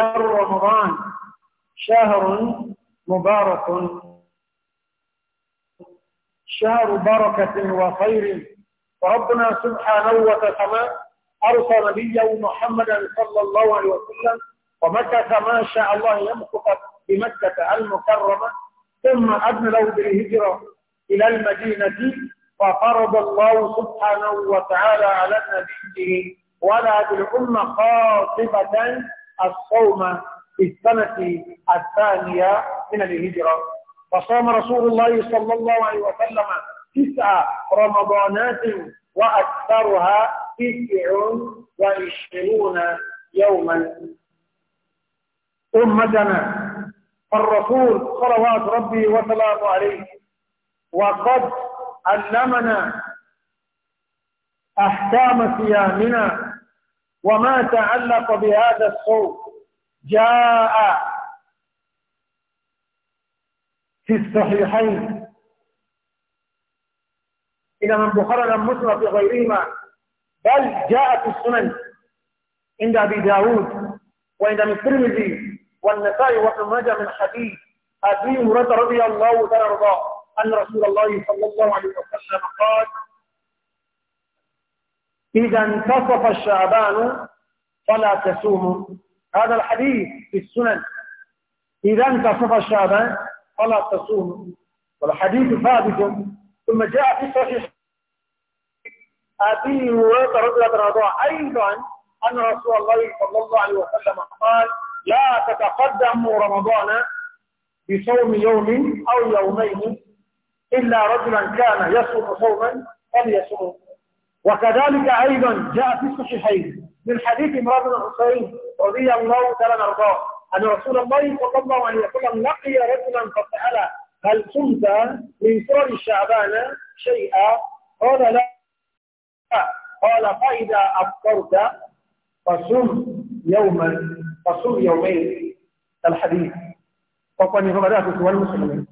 شهر رمضان شهر مبارك شهر بركة وخير ربنا سبحانه وتعالى أرسل نبيا محمدا صلى الله عليه وسلم ومكث ما شاء الله يمكث بمكة المكرمة ثم أذن له بالهجرة إلى المدينة ففرض الله سبحانه وتعالى على نبيه ولا بالأمة خاطبة الصوم في السنة الثانية من الهجرة فصام رسول الله صلى الله عليه وسلم تسع رمضانات وأكثرها تسع وعشرون يوما أمتنا الرسول صلوات ربي وسلامه عليه وقد علمنا أحكام صيامنا وما تعلق بهذا الصوت جاء في الصحيحين إلى من بخارنا مسلم في غيرهما بل جاء في السنن عند أبي داود وعند الترمذي والنسائي وابن ماجه من حديث أبي هريرة رضي الله تعالى عنه أن رسول الله صلى الله عليه وسلم قال إذا انتصف الشعبان فلا تصوموا هذا الحديث في السنن إذا انتصف الشعبان فلا تصوموا والحديث ثابت ثم جاء في صحيح أبي هريرة رضي الله عنه أيضا أن رسول الله صلى الله عليه وسلم قال لا تتقدموا رمضان بصوم يوم أو يومين إلا رجلا كان يصوم صوما فليصوم وكذلك أيضا جاء في الصحيحين من حديث امرأة بن حسين رضي الله تعالى عنه أن رسول الله صلى الله عليه وسلم لقي رجلا فسأل هل صمت من سور شعبان شيئا قال لا قال فإذا أفطرت فصم يوما فصم يومين الحديث فقال فبدأت سوى والمسلمين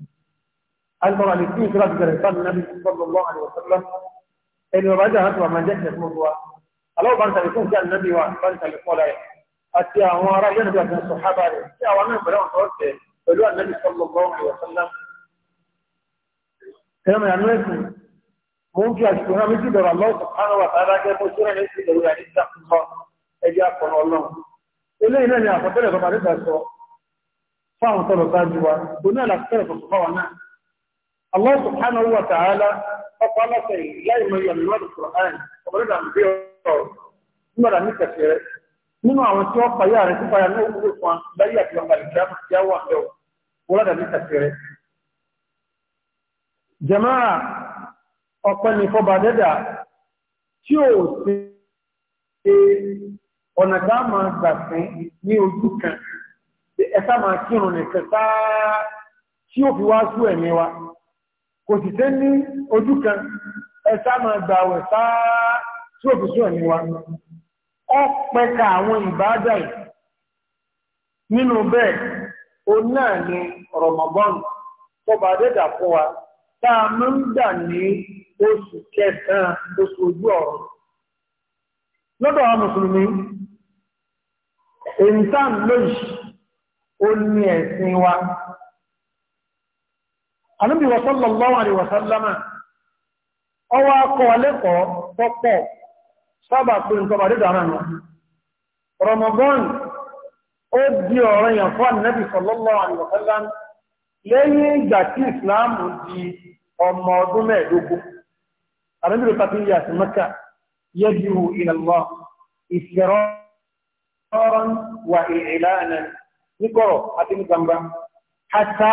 المرأة الاثنين ثلاثة النبي صلى الله عليه وسلم ẹni ọba jà láti wà máa jẹ́ ìṣẹ̀ fún wa aláwọ̀ bá ń tàbí fún ìjà nàbí wa bá ń tàbí kọ́lá rẹ̀ àti àwọn ará ilé nàbí àti sọ̀hábà rẹ̀ tí àwọn náà pẹ̀lú àwọn tọ́ọ̀tẹ̀ pẹ̀lú ànábì sallallahu alaihi wasallam ẹ̀rọ ìyànú ẹ̀sìn mo ń fi àsìkò náà méjì dọ̀rọ̀ Allah subhanahu wa ta'ala gẹ́gẹ́ bó ṣe rẹ̀ sí ìdẹ̀rù rẹ̀ kọ́ ẹjẹ́ akọ̀nà ọlọ́run eléyìí náà ni àkọsílẹ̀ tó bá dé sọ fáwọn tọ̀lọ̀ sáájú wa bó náà làkọsílẹ̀ náà Allah subhanahu wa ta'ala ọkọ̀ aláṣẹ ìyáì mẹ́yà ní wọ́n Kùrán ọ̀rẹ́dà ń bí ọ̀rọ̀ nígbàdà ní kẹsì rẹ̀ nínú àwọn tí wọ́n payá rẹ̀ sípa ní òwúrò fún láyé àti ọmọ ìjà tí a wà ń bẹ̀rù ọ̀rẹ́dà ní kẹsì rẹ̀. ọ̀pẹ ní fọba dẹ́dà tí ó sì ṣe ọ̀nà tá a máa gbà fún ní ojú kan ẹ̀ka máa kírun nìkan tí ó fi wá sú ẹ̀mí wa. kò sì tẹ́ ní ojú kan ẹ̀sá máa tí ò fi wa ọ pẹ̀ka àwọn yìí nínú bẹ́ẹ̀ o náà ni Ramadan tó bá dẹ́dà fún wa tá a máa ń gbà ní oṣù kẹsàn-án oṣù ojú ọ̀rọ̀ lọ́dọ̀ àwọn mùsùlùmí èyí tá ń wa Ànábì sallallahu alaihi wa sallama ọwọ́ akọ alẹ́kọ̀ọ́ pọ́pọ̀ sábà pé nǹkan bàdé dára nù Ramadan ó di ọ̀rọ̀ yàn fún Ànábì sallallahu alaihi wa sallam lẹ́yìn ìgbà tí ìsìláàmù di ọmọ ọdún mẹ́ẹ̀dógún Ànábì ló àti ní gbangba. Hàtà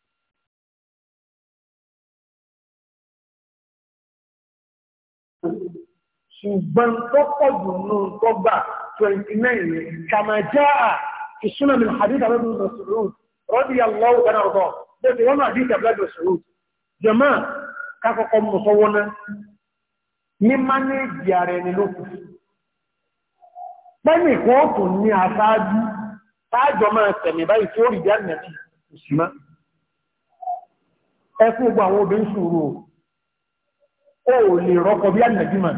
ṣùgbọ́n tó pọ̀ jù nù tó 29 kama jáà fi súnà min hadith abẹ́bùn rasulun rọ́dí allahu gana ọ̀dọ́ bó ti wọ́n hadith abẹ́bùn rasulun jama kakọkọ musowona ní manéjì ààrẹ ni lókù pẹ́mì kóòtù ní aṣáájú táàjọ máa tẹ̀mì lè rọ́kọ bí ànàbí máa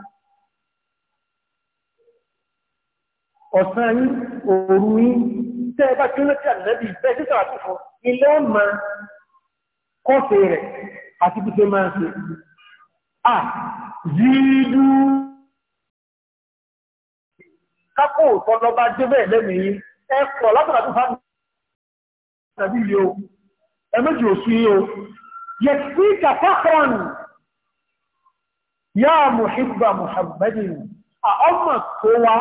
ọ̀sán yín òru yín tẹ́ ẹ bá tí ó lọ́tí ànábì bẹ́ẹ̀ tí sọ̀rọ̀ àtúfọ́ ilé ọmọ kọ́sẹ̀ rẹ̀ àti bí ṣe máa ṣe à yídú kápò tọ́lọ́bá jẹ́ bẹ́ẹ̀ lẹ́mìí ẹ pọ̀ látọ̀rọ̀ àtúfọ́ muhibba muhammadin a ọmọ tó wa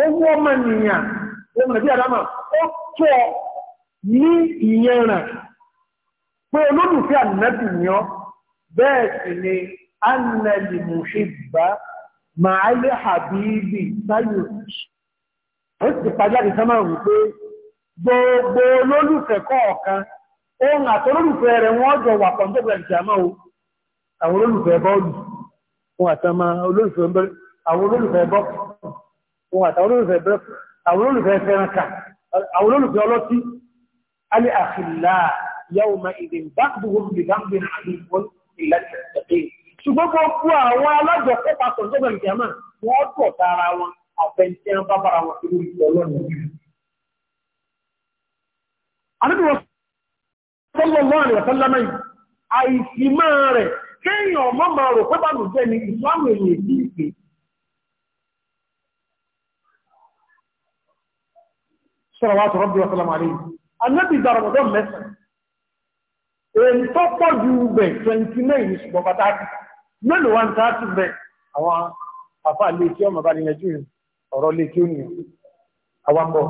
owó ọmọ ènìyàn ohun nàbí àdámà ó tọ́ ní ìyẹn rẹ̀ pé olólùfẹ́ ànábì bẹ́ẹ̀ sì ni annali muhibba ma'ali habibi sayo ó o àwọn olólùfẹ́ bọ́ọ̀lù àtàmà olólùfẹ́ bọ́ọ̀lù òun àtàwọn olólùfẹ́ fẹ́ràn kà àwọn olólùfẹ́ ọlọ́tí alẹ́ àfìlà yàwó ma èdè bákùbù lè bákùbù ní àbí wọn ìlà ìtẹ̀tẹ̀ ṣùgbọ́n kó kú àwọn alájọ kópa sọ̀tọ́gbà ìjàmà wọ́n pọ̀ sọ́rọ̀wátò rọ́bì wàsálàmù àlẹ́yìn anábì gba rọmọdán mẹ́sàn èyí tó pọ̀ ju bẹ̀ 29 ní ṣùgbọ́n pàtàkì mélòó wa ń ta ti bẹ̀ àwọn àfa lè kí ọmọ bá ní ẹjú ọ̀rọ̀ lè kí ó nìyàn àwọn bọ̀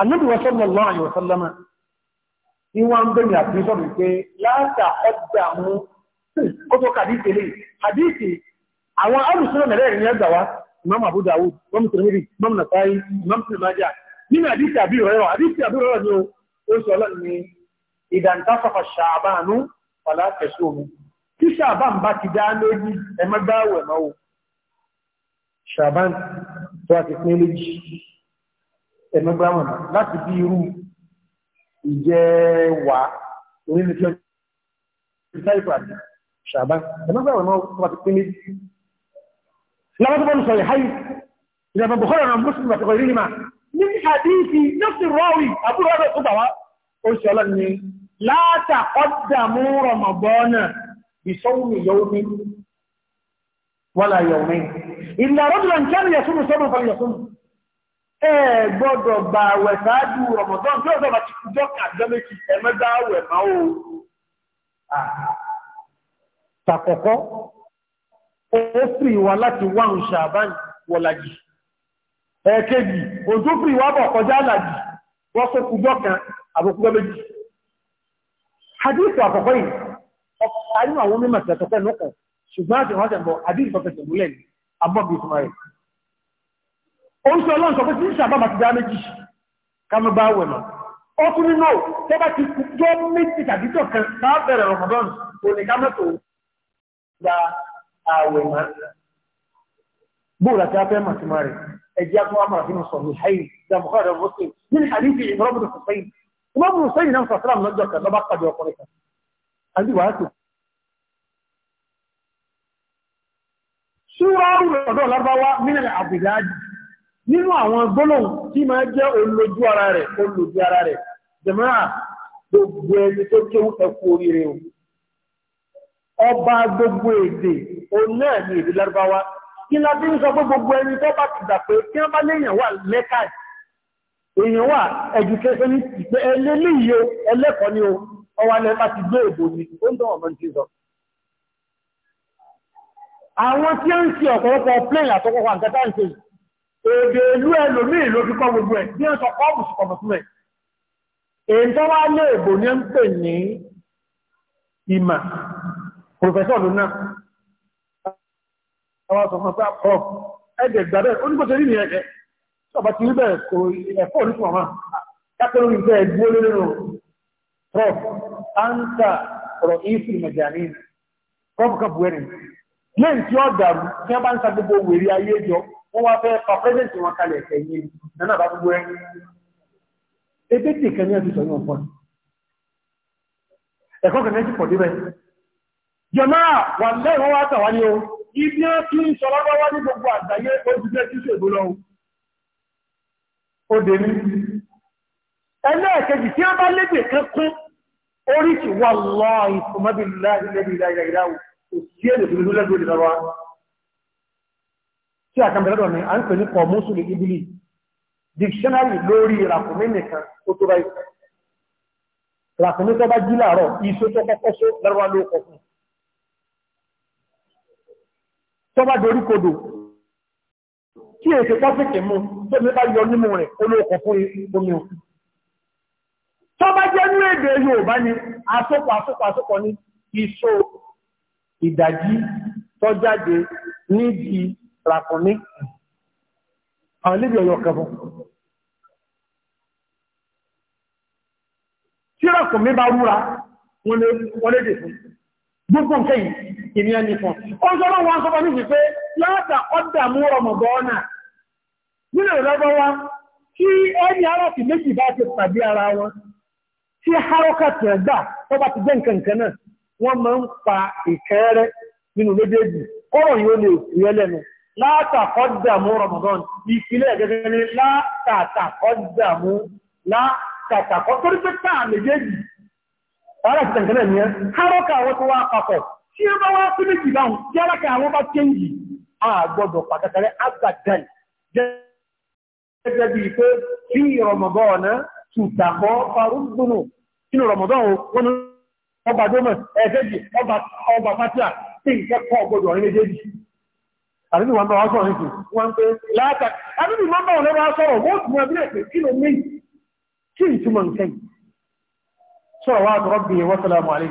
anábì sallallahu alaihi wasallam ìwọ̀n ń bẹ̀rẹ̀ àti sọ̀rọ̀ pé láta ọjà mú ó tó kàdíìsì lè kàdíìsì àwọn alùsùnà mẹ́rẹ̀ẹ̀rin ẹgbà wa imam abu dawud imam tirmidhi imam nasai imam tirmidhi nínú àdíṣẹ́ àbí ìrọ̀rọ̀ àdíṣẹ́ àbí ìrọ̀rọ̀ ni ó sọ lọ́nà ni ìdàntàfàfà ṣàbánú pàlá tẹ̀sómi tí ṣàbán bá ti dá lójú ẹmọ́gbáwẹ̀ mọ́wó ṣàbán tó a ti pín lójú ẹmọ́gbáwẹ̀ mọ́ láti bí irú ìjẹwà orílẹ̀-èdè ṣàbán ẹmọ́gbáwẹ̀ mọ́wó tó a ti pín lójú ní hadithi nọ́sí rọ́wì àbúrò ọ̀rọ̀ tó bàwá oṣù ọlọ́ni látàkọ́dàmú rọmọbọ́nà ìṣọ́wùmí yọ́wùmí wọ́la yọ̀wùmí ìlàrọ́dùnà kẹ́rì yẹ̀sùn sọ́dún fún yẹ̀sùn ẹ gbọ́dọ̀ gbà wẹ̀ sáájú rọmọbọ́n tí ó sọ́dọ̀ ti kújọ́ kàdọ́mẹ́kì ẹ̀mẹ́gbà wẹ̀ máa ó tàkọ́kọ́ ó sì ẹ̀ẹ̀kejì òjòfin ìwábọ̀ kọjá àlàjì wọ́n tó kújọ́ kan àbòkúgbọ́ méjì hadith àkọ́kọ́ yìí ọkọ̀ nínú àwọn mímọ̀ tẹ̀tọ̀kẹ́ lọ́kọ̀ ṣùgbọ́n àti wọ́n tẹ̀bọ̀ hadith tọ́fẹ̀tẹ̀ múlẹ̀ ní abọ́bí ìtumọ̀ rẹ̀ ó ń sọ ọlọ́run sọ pé tí ìṣàbá bá ti dá méjì kánú bá wẹ̀ lọ ó tún nínú tó bá ti kújọ́ méjì tàbí tọ̀ kan bá bẹ̀rẹ̀ rọmọdọ́n òní ká mẹ́tò gba àwẹ̀ mọ́ bóòlù àti afẹ́ màtúmọ̀ rẹ̀ ẹ̀jẹ̀ àmọ́ àmọ́ sọ̀rọ̀ ìhàyè ìdàmùkọ́ rẹ̀ mọ́sẹ̀ nínú àríwí ìmọ̀rọ̀mùn hussein ìmọ̀rọ̀mùn hussein náà sàfẹ́ràn lọ́jọ́ kan lọ́ba pàdé ọkùnrin kan àti wàá tó. ṣúra ọ̀dọ́ lọ́bàwá nínú àbùdájì nínú àwọn gbólóhùn tí máa jẹ́ olójú ara rẹ̀ olójú ara rẹ̀ jẹ̀mọ́ra gbogbo ẹni tó kéwú ẹkú oríire o ọba gbogbo èdè òun náà ní èdè lárúbáwá kí la bí ń sọ pé gbogbo ẹni tó bá ti gbà pé kí wọ́n bá léèyàn wà lẹ́kàì èèyàn wà education pé ẹlẹ́lẹ́ iye ẹlẹ́kọ̀ọ́ ni o ọwà lẹ́ bá ti gbé èbò ni ó ń dánwọ̀ mọ́tí sọ àwọn tí ó ń ṣe ọ̀pọ̀lọpọ̀ plane àtọ́kọ̀kọ̀ àǹkẹta ń ṣe èdè ìlú ẹlòmíì ló fi kọ́ gbogbo ẹ̀ bí wọ́n sọ kọ́ọ̀bù sọ̀kọ̀mọ̀ fún ẹ̀ èyí tó wá lé èbò ni ń pè ní ìmà professor lónà àwọn sọ fún ọgbà pọ̀ ẹgbẹ̀ ìgbà bẹ́ẹ̀ onígbòsẹ̀ rí nìyẹn kẹ́ ọba ti rí bẹ́ẹ̀ kò ẹ̀kọ́ ní ọmọ kápẹ́ lórí bẹ́ẹ̀ ọ̀rọ̀ lẹ́yìn tí ó dàrú tí bá ń sa gbogbo ayé jọ wọ́n wá fẹ́ pẹ́sẹ̀ntì wọn kalẹ̀ ẹ̀yìn bá gbogbo ebe tí o ibi ó kí ń sọ lọ́wọ́ ní gbogbo àgbáyé ó ti jẹ́ tí ṣègbó lọ́wọ́ ó dé ní ẹlẹ́ẹ̀kejì tí ó bá lédè kan kún orí ti wà lọ́ ìfòmọ́bìnlá ilẹ̀ ìlàyà ìdáwò kò sí èdè tó lẹ́gbẹ̀ẹ́ ìdè lọ́wọ́ tí a kàmì lọ́dọ̀ ni tọ́bá dorí kodò kí èsè tọ́fíkì mú tó ní bá yọ nímú rẹ̀ olóòkọ̀ fún omi òkú tọ́bá jẹ́ ní èdè Yorùbá ni àsopọ̀ àsopọ̀ àsopọ̀ ní iṣó ìdajì tọ́jáde níbi ràkùnmí àwọn níbi ọ̀yọ̀ kẹfún tí ràkùnmí bá rúra wọ́n lè dè fún gbogbo nǹkan yìí ìní ẹni fún. Ó ń sọ́rọ̀ wọn sọ́pọ̀ níbi pé látà ọ́dà mú Rọmọdọ́nà. Nílẹ̀ ìrọ́gbọ́ wa, tí ẹni ara ti méjì bá ti pàdé ara wọn, tí haroka ti ẹ̀gbà tó bá ti jẹ́ nǹkan kan náà, wọ́n máa ń pa ìkẹ́rẹ́ nínú méjèèjì. Kọ́rọ̀ yóò lè fúyẹ́ lẹ́nu. Látà ọ́dà tí ó bá wá sí méjì báhùn tí alákà àwọn bá ké yìí a gbọ́dọ̀ pàtàkàrẹ abadan gẹ́gẹ́ bí pé kí rọmọdọ́ọ̀nà tùtàkọ́ farúgbónù kí ni rọmọdọ́ọ̀ wọn ọba dómọ̀ ẹ̀ẹ́dẹ́jì ọba fatia tí nǹkẹ́ kọ́ gbọ́dọ̀ ọ̀rin méjèèjì àbíbí wọn bá wá sọ̀rọ̀ nìkan wọn pé láàtà àbíbí wọn bá wọn lọ́wọ́ sọ̀rọ̀ wọ́n tún ẹbí rẹ̀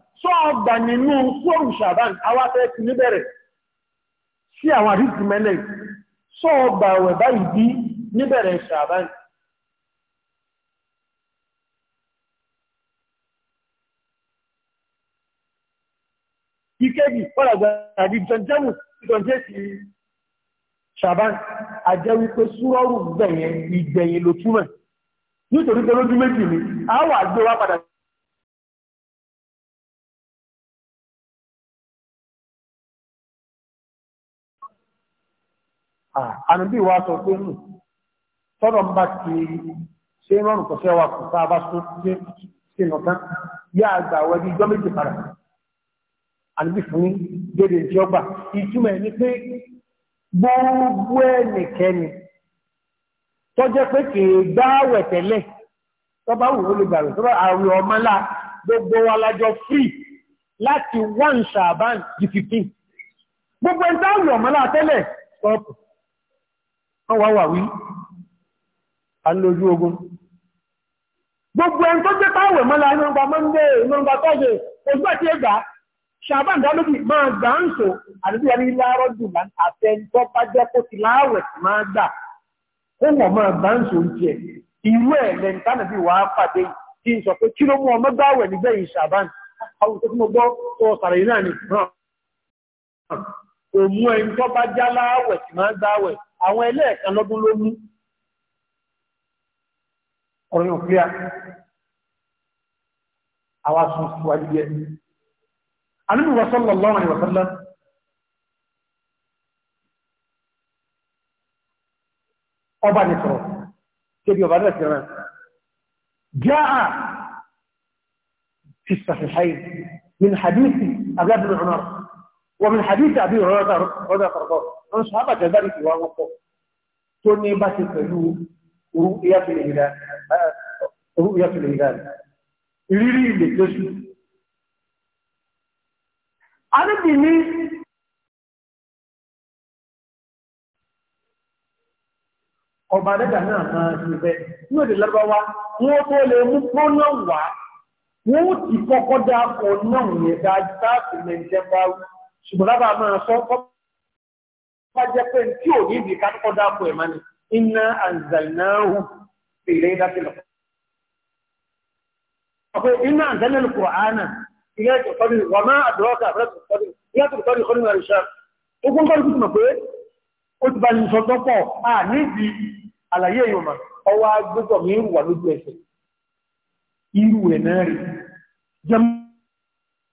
tó ọgbà nínú sóòrù ṣàbán awáfẹ́ ti níbẹ̀rẹ̀ sí àwọn àdíjì mẹ́lẹ̀ sọ ọgbà ọ̀wẹ̀ báyìí bí níbẹ̀rẹ̀ ṣàbán ìkéjì pọ́lọ̀gbà àti jọjẹ́mù ìjọjẹ́ sí ṣàbán àjẹ́ wípé súrọ́rù gbẹ̀yẹn ìgbẹ̀yìn nítorí pé lójú méjì a wà gbé wá padà ànàbí wa sọ pé nù tọ́rọ̀ ń bá ti ṣe ń rọrùn kọ̀ṣẹ́ wa kò sáà bá sún sí nọ̀tán yá àgbà àwọn ẹbí ijọ́ méjì padà ànàbí fún dédé tí ó gbà ìtumọ̀ ẹ̀ ni pé gbogbo ẹnìkẹ́ni tó jẹ́ pé kì í gbáwẹ̀ tẹ́lẹ̀ tó bá wù ú lè gbàgbé tó bá àwẹ̀ ọmọ ńlá gbogbo wa lájọ free láti one ṣàbán di fifteen gbogbo ẹni táwọn ọmọ tẹ́lẹ̀ stop wọ́n wá wà wí a ń lójú ogun gbogbo ẹni tó jẹ́ táwẹ̀ mọ́lá nọ́mbà mọ́ndé nọ́mbà tọ́jẹ̀ ojú àti ẹgbà ṣàbá ìdálóbì máa gbà ń sọ àdúgbìyàrí láàárọ̀ jùlọ àtẹnitọ́ bá jẹ́ kó ti láàwẹ̀ máa gbà ó wọ̀ máa gbà ń sọ oúnjẹ ìlú ẹ̀ lẹ́ntánà bí wàá pàdé tí ń sọ pé kí ló mú ọmọ gbàwẹ̀ nígbẹ̀yìn ṣàbá àwọn tó mọ gbọ́ tó sàrẹ̀ náà ni kò mú ẹni tó bá já láàwẹ̀ tí máa gbàwẹ̀ àwọn ẹlẹ́ẹ̀kan lọ́dún ló mú ọ̀rọ̀ yóò kíá àwa sùn síwájú yẹ Ànábì sallallahu alaihi wasallam ọba ní sọ̀rọ̀ tẹ́bí ọba rẹ̀ tẹ́rẹ̀ jáà fi sahihayn min hadithi Abdullah ibn ومن حديث أبي هريرة رضي الله عنه صحابة ذلك وقف توني بس كلو رؤية الهلال رؤية الهلال ريري لكشف أنا بني ọba dẹ́gbà náà máa ṣe bẹ́ẹ̀ ní èdè lọ́gbàwá wọ́n tó lè mú pọ́nà wá wọ́n ti kọ́kọ́ dá ọ̀nà ìyẹ̀dá sáàtì lẹ́jẹ́ bá wù ṣùgbọ́n lábà máa sọ kọ́ bá jẹ́ pé tí ò ní ìdí kákọ́ dáàbò ẹ̀ máa ní iná àǹzàlnáhù fèrè dákìlọ̀. ọ̀pẹ iná àǹzàlnáhù kùránà ilé ẹ̀jọ̀ kọ́ni wà máa àdúrọ́kà àbúrẹ́kùn kọ́ni ilé ẹ̀jọ̀ kọ́ni kọ́ni wà lùṣà. ogun kọ́ni kùtùmọ̀ pé ó ti bá ní sọ tọ́pọ̀ à níbi àlàyé ìwọ̀n ọwọ́ agbẹ́tọ̀ mi wà lójú ẹsẹ̀ irú ẹ̀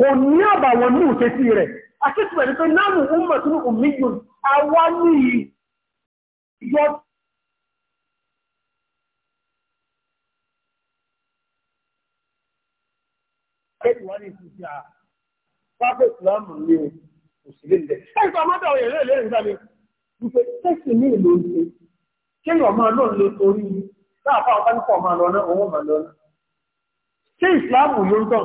kò ní àbàwọn ní òtẹ́sí rẹ̀ akẹ́kọ̀ọ́ ẹni pé náàmù ọmọ tún òmíyùn àwa ní yọ Kéèyàn máa lóòrùn lè torí láàfáà ọ̀pá nípa ọmọ lọ náà, òun mà lọ náà. Ṣé ìsìláàmù yóò tán?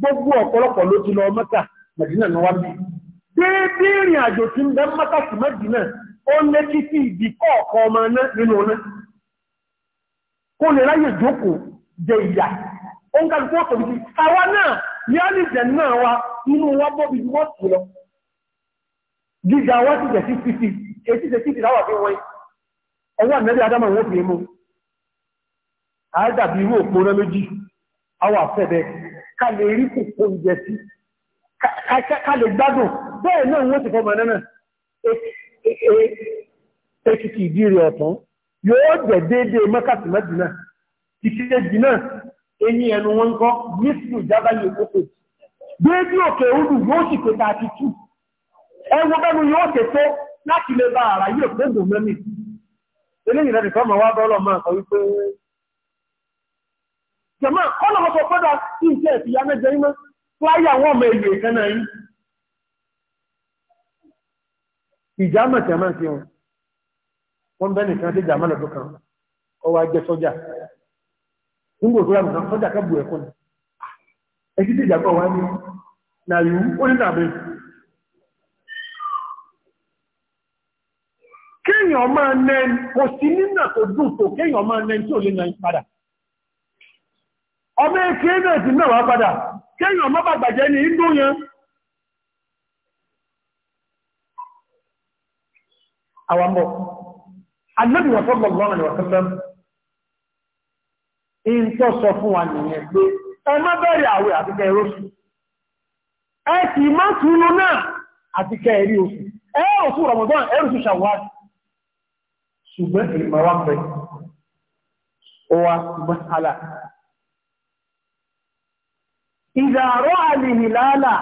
gbogbo ọ̀pọ̀lọpọ̀ ló ti lọ mẹ́ta mẹ́dínà ní wábí déédé ìrìn àjò tí ń bẹ mẹ́ta sí mẹ́dínà ó lé kí sí ìdí kọ̀ọ̀kọ́ ọmọ ẹ̀nà nínú ọ̀nà kó lè ráyè jókòó jẹ ìyà ó ń ọ̀tọ̀ bí àwa náà ní á lè jẹ náà wa inú wa bọ́ bí wọ́n sì lọ gíga wa jẹ sí etí ṣe láwà wọ́n ọwọ́ ká lè rí kòkó oúnjẹ sí ká lè gbádùn bẹ́ẹ̀ náà wọ́n ti fọmọ náà èkìtì e, e, e, ìdíre ọ̀tún yóò jẹ́ déédé mọ́kàtí mẹ́jìnà ìkìtẹ́jì náà ẹni ẹnu wọn kọ́ nísìnyí ìjábá yìí kókò déédé òkè òdù yóò sì pé ta ti tú ẹwọ bẹ́nu yóò ṣe tó láti lè bá ara yìí òkè òdù mẹ́mì eléyìí náà nìkan mọ̀ wá bọ́ọ̀lọ́ máa sọ wípé jẹ̀mọ́ ọ̀nà ọ̀sọ̀ kọ́dà tí ìṣẹ́ ìfìyà mẹ́jẹ iná fúláyà àwọn ọmọ èlò ìkẹ́nà yìí ìjà mọ̀tẹ̀mọ́ sí wọn wọ́n bẹ́ nìkan tí ìjà mọ́lọ̀dún kan ọwọ́ ajẹ́ sọ́jà nígbò tó rẹ̀ nǹkan sọ́jà kẹ́bù ẹ̀kọ́ ni ẹ̀sí tí ìjà wá ní nàìyú ó ní tàbí kéèyàn máa nẹ́ kò sí nínà tó dùn tó kéèyàn máa nẹ́ tí ò lè nà padà ọmọ eke náà ti mẹ́wàá padà kéèyàn má bàgbàjẹ́ ní ìdó yẹn àwàmọ̀ Ànábì sallallahu alaihi wasallam in tó sọ fún wa nìyẹn pé ẹ má bẹ̀rẹ̀ àwẹ̀ ẹ má túnú náà oṣù ẹ ìdàrọ́ àlìhìláàlà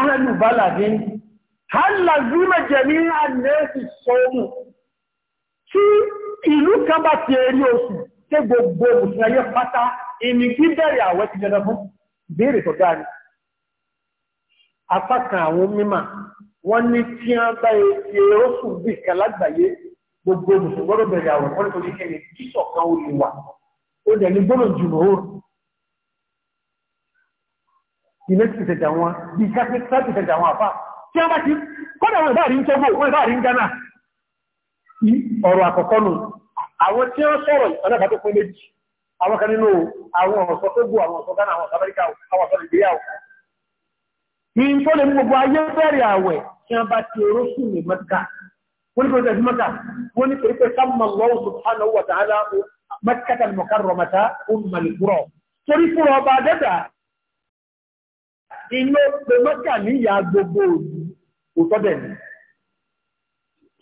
alẹ́lùbálàdé hálàzímẹ̀ jẹ̀mí àlẹ́sì sọ́ọ̀mù tí ìlú kan bá ti rí oṣù tí gbogbo òṣìṣẹ́ ayé pátá ìní kí bẹ̀rẹ̀ àwẹ̀ ti jẹ́dọ̀ fún béèrè tó dáni apákan àwọn mímà wọ́n ní tí wọ́n bá ti oṣù bí kan lágbàáyé gbogbo òṣìṣẹ́ gbọ́dọ̀ bẹ̀rẹ̀ àwẹ̀ fọ́nìtò ìlẹ́sìtẹ̀tẹ̀ àwọn bí káàkiri àwọn àfá tí a bá ti kọ́nà wọn ìbá rí ń tọ́gbò wọn ìbá rí ń gánà ọ̀rọ̀ àkọ́kọ́ nù àwọn tí wọ́n sọ̀rọ̀ ọ̀nàbà tó fún méjì àwọn kan nínú àwọn ọ̀sọ̀ tó gbò àwọn ọ̀sọ̀ gánà àwọn ọ̀sọ̀ amẹ́ríkà àwọn ọ̀sọ̀ ìgbéyàwó ní tó lè gbogbo ayé bẹ̀rẹ̀ àwẹ̀ tí wọ́n bá ti orósùn ní mẹ́ta inú pé mọ́kà níyà gbogbo òtọ́dẹ̀ ni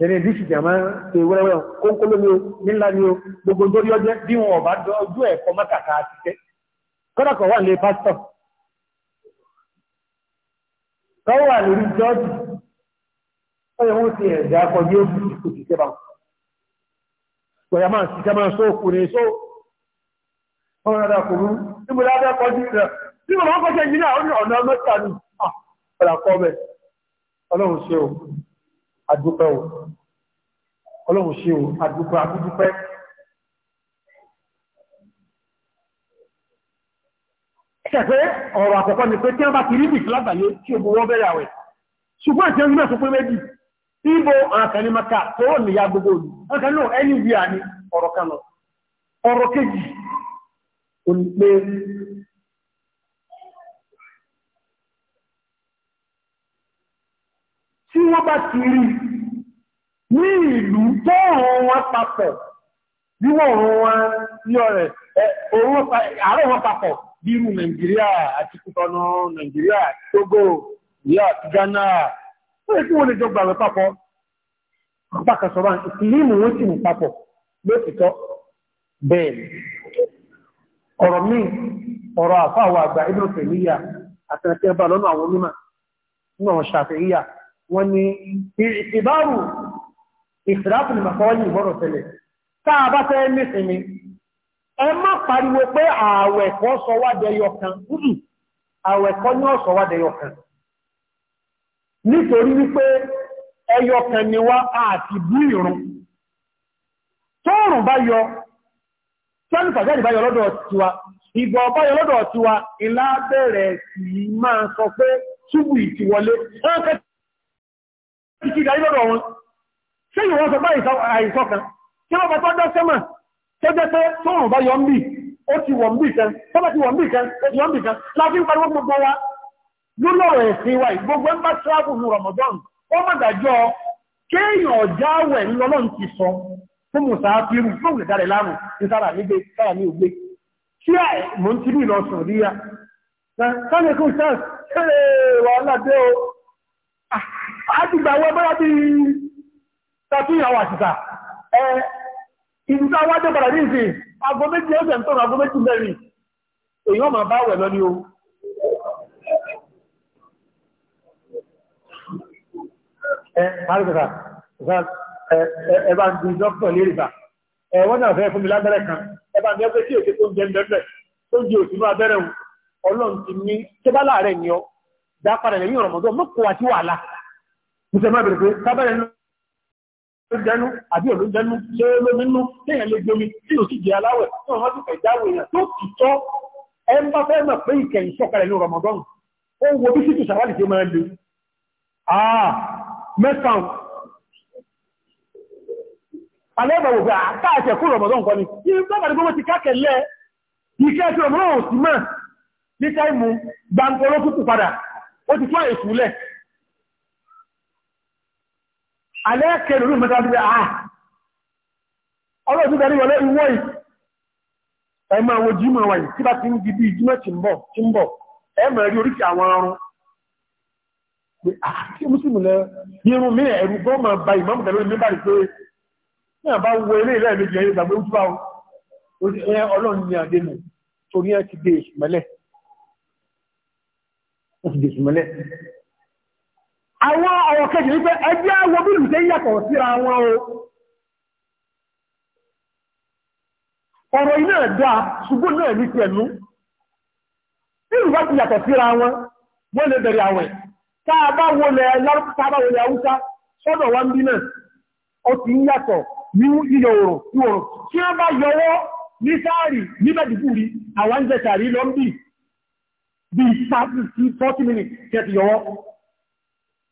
ẹni ìdíṣì jàmá ṣe wẹ́rẹ́wẹ́ kónkóló ni ó nílá ni ó gbogbo nítorí ọjẹ́ bí wọn ọ̀bá ojú ẹ̀kọ́ mọ́kà ká ti tẹ́ kọ́dọ̀kọ̀ wà lè pásítọ̀ kọ́ wà lórí jọ́ọ̀jì ọyọ wọn ti ẹ̀dá akọjú ó fi kò ti tẹ́bà pẹ̀lú máa ṣiṣẹ́ máa sóòkù ní sóòkù ọmọ bí wọn máa kọ́ṣẹ́ ìjìnlẹ̀ àwọn ọ̀nà mẹ́ta ni ọ̀là kọ́ bẹ̀ ọlọ́run ṣe o àdúpẹ́ o ọlọ́run ṣe o àdúpẹ́ àdúpẹ́ ṣẹ̀fẹ́ ọ̀rọ̀ àkọ́kọ́ ni pé tí wọ́n bá ti rí bìí lágbàáyé tí ogun wọ́n bẹ̀rẹ̀ àwẹ̀ ṣùgbọ́n ìṣẹ́ ń mẹ́sùn pé méjì ibo àǹkàní maka tó wọ́n ní ya gbogbo olù àǹkàní náà ẹni wíà ni ọ̀rọ̀ kan lọ ọ̀rọ̀ kejì tí wọ́n bá ti rí ní ìlú tó òun wọn papọ̀ bí wọ́n òun wọn ní ọ̀rẹ́ àárọ̀ wọn papọ̀ bí irú Nàìjíríà Togo ìyá àti Ghana ó yẹ kí wọ́n lè jọ gbàgbé papọ̀ apákasọ̀rọ̀ ìlímù wọ́n sì ń papọ̀ lóòtítọ́ bẹ́ẹ̀ ọ̀rọ̀ míì ọ̀rọ̀ àfáwọ̀ àgbà bá lọ́nà wọ́n ní ìtìbárù ìfìdáàfù ní màkọ́wọ́lì ìmọ̀rọ̀ tẹ́lẹ̀ tá a bá fẹ́ nísìnyí ẹ má pariwo pé ààwẹ̀ kọ́ sọ wá dẹyọ kan ààwẹ̀ kọ́ ní ọ̀sọ̀ wá dẹyọ ìgbọ̀ bá yọ lọ́dọ̀ tiwa ìlà sí máa sọ pé túbù ìtiwọlé ọ́nkẹ́ ìtì ìdájí lọ́dọ̀ wọn ṣé ìwọ́n sọ bá àìsọ́kan tí wọ́n bá tọ́ dá sẹ́mà tó jẹ́ pé tóòrùn bá yọ ń bì ó ti wọ̀n bì kan tó bá ti wọ̀n bì kan ó ti yọ ń bì kan láti ń pariwo gbogbo wa lórí ọ̀rọ̀ ẹ̀sìn wa gbogbo ń bá travel ní Ramadan ó má dájọ́ kéèyàn ọ̀já wẹ̀ lọ́lọ́n ti sọ fún mùsàáfíìrù fún òkè dáre lánàá ní sára nígbé sára ní ògbé tí à mò ń ti ní ìlọsùn rí ya sáàlẹ̀ kò sáà ṣẹlẹ̀ wàhálà o àjùgbà wọ bọ́lá bí tàbíyàwó àṣìṣà ẹ ìdúta wájọ padà ní ìsìn agbó méjì ẹ̀sẹ̀ ń tọ́nà agbó méjì mẹ́rin èyí wọ́n máa bá wẹ̀ lọ́ní o ẹ márùkẹta ẹ bá ń di dọ́pọ̀ lérí bá ẹ wọ́n náà fẹ́ fún mi lábẹ́rẹ́ kan ẹ bá Mùsẹ̀ máa bẹ̀rẹ̀ pé kábẹ̀rẹ̀ nú jẹ́nu àbí òlú jẹ́nu ṣe ló nínú téèyàn lè gbomi tí ò sì jẹ aláwẹ̀ tó wọ́n sì fẹ̀dáwò èèyàn tó ti tọ́ ẹ ń bá fẹ́ mọ̀ pé ìkẹyìn sọ̀kalẹ̀ ní Ramadan ó wo bí sí tùsàwálì tí ó máa le. Ah, mẹ́ta alẹ́ ìbẹ̀wò pé àkáàṣẹ̀ ah, kú Ramadan kọ́ ni ìgbàgbàdì gbogbo ti kákẹ̀lẹ́ ìkẹ́ ti Ramadan ò sí mọ̀ ní táìmù gbàǹkọ́ ló kúkú padà ó ti fọ́ èsù lẹ̀ alẹ́ kẹrù rí mẹ́ta bí àà ah, ọlọ́dún darí wọlé ìwọ́ ì ẹmọ àwọn jímọ̀ wáyìí tí bá ti ń di bí jímọ̀ tí ń bọ̀ tí ń bọ̀ ẹmọ rí oríkì àwọn ọrún ah, ba ìmọ̀mù tẹ̀lé mi báyìí pé náà bá wọ ilé ilẹ̀ méjì ẹ̀yẹ ìgbàgbé ojú bá ọlọ́run ní àdénù àwọn ọ̀rọ̀ kejì wípé ẹgbẹ́ àwọn bílù tẹ́ yàtọ̀ síra wọn o ọ̀rọ̀ iná ẹ̀dá ṣùgbọ́n náà ní pẹ̀lú bílù bá ti yàtọ̀ síra wọn wọ́n lè bẹ̀rẹ̀ àwẹ̀ táàbá wọlé haúsá sọ́dọ̀ wá ń bí náà ó ti ń yàtọ̀ ní iyọ̀ òrùn tí òrùn tí wọ́n bá yọwọ́ ní sáàrì ní bẹ̀dìkúrí àwọn jẹ́ sàárì lọ́mbì bí 30 40 minutes kẹ́ ti yọwọ́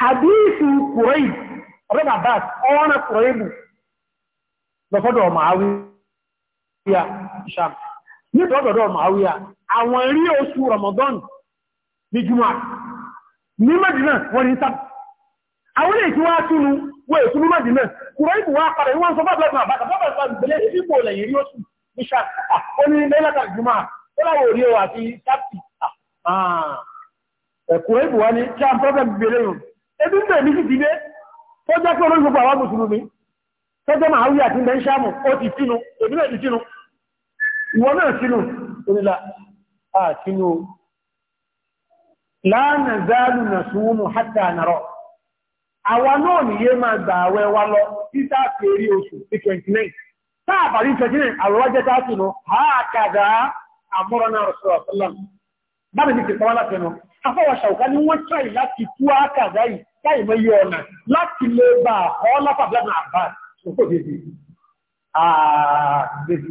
hadithu kùrẹ́ì ọ̀rẹ́bà bá ọ̀nà kùrẹ́ìbù lọ́fọ́dọ̀ màáwíyà ìṣàm ní ìtọ́dọ̀dọ̀ màáwíyà àwọn rí oṣù Ramadan ní jùmọ́ ní Madina wọ́n ní sáb àwọn ilé tí wá túnú wọ́n ètùnú Madina kùrẹ́ìbù wá padà wọ́n sọ bá Ẹ̀kùnrin ìbùwá ní kí a ń pọ́fẹ́ gbèrè yìí ebi ń bẹ̀rẹ̀ mi sì ti dé tó jẹ́ n àwọn mùsùlùmí tó jẹ́ máa wí àti bẹ́ńṣámù ó ti sínú èmi náà ti sínú ìwọ náà sínú onílà àtinú láàánà záàlù nà súnmù hátà nàrọ̀ àwa náà nìyé máa gbà lọ títà oṣù 29 táà 29 àwọn wájẹ́ bábi ti pẹ̀lú láti ẹnu afọ́wà ṣàwùká ní wọ́n tẹ́rì láti tú ákàdá yìí láì mọ́ iye ọ̀nà láti lè bá ọ́ lápàbílẹ̀ àbá òkò dédé àdédé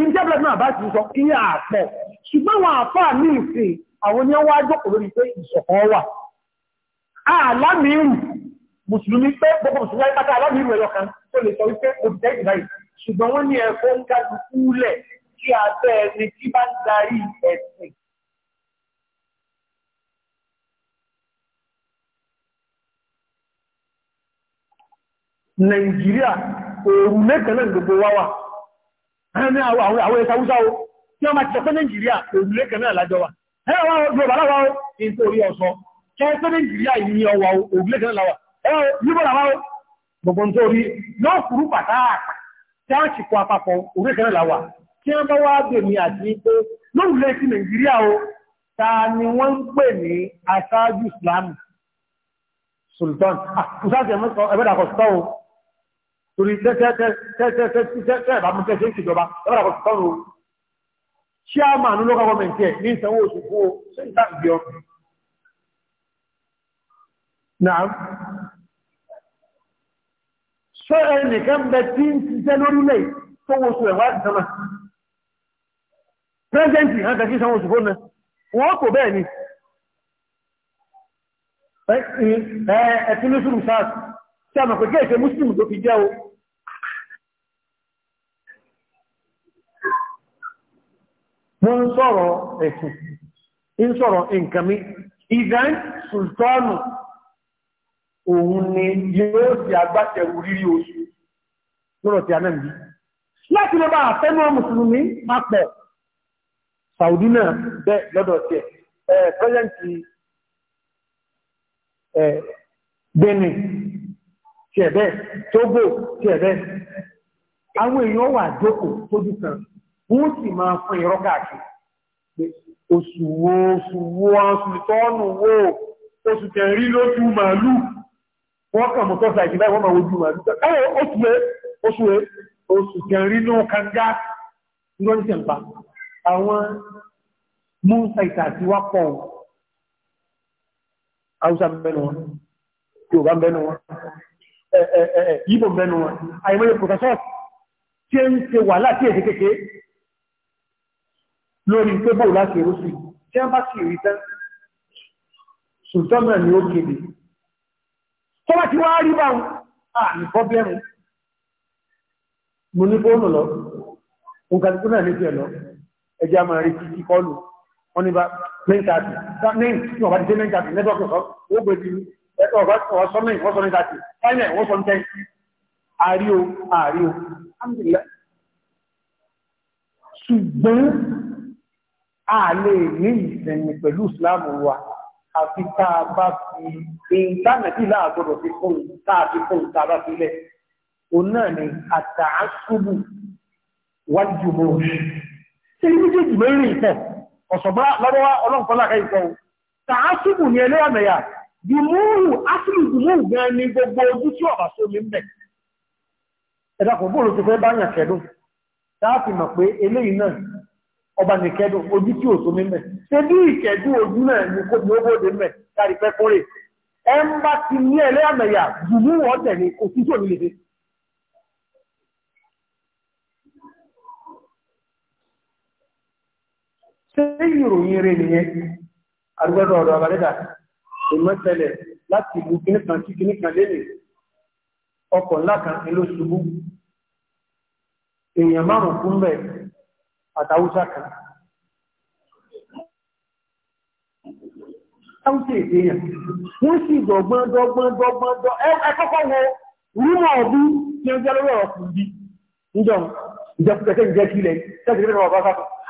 ìjẹ́ bílẹ̀ àbá ti sọ kí àpọ̀ ṣùgbọ́n wọn àfà ní ìsìn àwọn ni wọ́n ájọ́ kòlórí pé ìṣọ̀kan wà alámìírù mùsùlùmí pé gbogbo mùsùlùmí wáyé pátá alámìírù ẹ̀yọ kan tó lè sọ wípé òbítẹ́ ìgbà yìí ṣùgbọ́n wọ́n ní ẹ̀kọ́ ń ga jù kúlẹ̀ sí abẹ́ ẹni tí bá ń darí ẹ̀sìn. Nàìjíríà òòrùn lẹ́kẹ̀ẹ́ náà gbogbo wá wà. Ẹni àwọn ẹ̀sà Húsá o, tí wọ́n máa ti sọ pé Nàìjíríà òòrùn lẹ́kẹ̀ẹ́ náà wà. Ẹ̀rọ wá ọdún ọ̀bà láwá o, kí n tó rí ọ̀sọ́. Kẹ́ pé Nàìjíríà ìní ọwà òòrùn lẹ́kẹ̀ẹ́ náà o, gbogbo n tó rí, yóò kúrú pàtàkì, tí wọ́n ti tí wọ́n bá wá bèmí àti pé lóòrùlẹ̀ sí nàìjíríà o ta ni wọ́n ń pè ní aṣáájú islamu sultan ìsáàtì ẹ̀mọ́sọ ẹ̀bẹ́dàkọ̀ sọ́ o torí tẹ́tẹ́tẹ́tẹ́tẹ́ ìbámútẹ́ ṣe ń ṣèjọba ẹ̀bẹ́dàkọ̀ sọ́ o chairman ló kọ́ gọ́ọ̀mẹ̀ntì ẹ̀ ní ìsanwó oṣù fún o ṣe ń tàbí ọ Nàá. Ṣé ẹnìkan bẹ tí ń ṣiṣẹ́ lórílẹ̀ tó wo oṣù ẹ̀wá ìsánmà? pẹ́sẹ̀ntì hàn kàkí sanwó oṣù fóònà wọ́n kò bẹ́ẹ̀ ni ẹ̀tí ní ṣùrù sáà tí a mọ̀kọ̀ kéèkéé múslìmù tó fi jẹ́ o wọ́n ń sọ̀rọ̀ ẹ̀sùn ń sọ̀rọ̀ ìǹkàmí ìdán sultanu òun ni yóò ti agbátẹrù rírí oṣù lọ́rọ̀ ti anẹ́mì láti lọ bá àfẹ́mọ́ mùsùlùmí máa pẹ̀lú Saudi náà bẹ́ẹ̀ lọ́dọ̀ tiẹ̀ ẹ̀ pẹ́sẹ̀ntì ẹ̀ Benin tiẹ̀ bẹ́ẹ̀ Togo tiẹ̀ bẹ́ẹ̀ àwọn èèyàn wà jókòó tójú kan wọ́n sì máa fún irọ́ káàkiri oṣù wo oṣù wo oṣù tọ́nù wo oṣù kẹrin lóṣù màálù wọ́n kàn mọ́ tọ́sà ìjìnlẹ̀ wọ́n máa wojú màálù oṣù kẹrin ló kanga lọ́nìtẹ̀ ń pa àwọn múnsà ìta àti wá pọ̀ haúsá mẹ́nu wọn yorùbá mẹ́nu wọn yíbò mẹ́nu wọn àìmọ́lẹ̀ pòtàṣọ́ tí ó ń ṣe wà láti èdè kékeré lórí pébò láti èrò sí tí a bá sì rí tán sultana ni ó kéde tó bá ti wá rí bá wọn àmì bọ́bẹ̀rún mo ní fóònù ẹjẹ́ a máa rí títí kọlù wọ́n ní bá nine thirty nine tí wọ́n bá ti dé nine thirty nẹ́tọ́ọ̀kì sọ ó gbé ti ọ̀rọ̀ sọ nine wọ́n sọ nine thirty wọ́n sọ ten àárí o àárí o alhamdulillah ṣùgbọ́n a lè ní ìsinmi pẹ̀lú ìsìláàmù wa àfi tá a bá fi ìntánẹ̀tì láàgbọ́dọ̀ fi fún tá a fi fún tá a bá fi lẹ̀ òun náà ni àtàásùbù wájú mọ́ tí méjèèjì mẹ́rin ìpọ̀ ọ̀sọ̀gbá lọ́wọ́ ọlọ́nkọ́láka ìpọ̀ tààsùbù ní ẹlẹ́yàmẹ̀yà dìmúhù ásìlù dìmúhù gan ni gbogbo ojú tí ọ̀bà sí omi mẹ́ ẹ̀dàkùn bóòlù ti fẹ́ báyàn kẹ́dùn táàfì mọ̀ pé eléyìí náà ọba ní kẹ́dùn ojú tí ò sómi mẹ́ ṣe bí ìkẹ́dù ojú náà ní kó ní ó bóde mẹ́ kárí pẹ́ kórè ẹ ń bá ti ní ẹlẹ́yàmẹ̀yà dìmúhù ọ̀tẹ̀ ni kò sí tí ò ṣé ìròyìn rẹ̀ nìyẹn arúgbẹ́rọ ọ̀rọ̀ abàrẹ́dà ìmọ̀tẹ́lẹ̀ láti ìlú kìnnìkan sí kìnnìkan lélẹ̀ ọkọ̀ ńlá kan ló ṣubú èèyàn márùn-ún kú mbẹ̀ àtàwùsá kan táwùsá èdè yẹn wọ́n sì dọ̀gbọ́n dọ̀gbọ́n dọ̀gbọ́n dọ̀ ẹ kọ́kọ́ wo rúmọ̀ ọ̀bú tí ó jẹ́ lórí ọ̀rọ̀ kùn bí níjọ́ ìjẹ́kùtẹ̀kẹ́ ìjẹ́kílẹ̀ tẹ́sí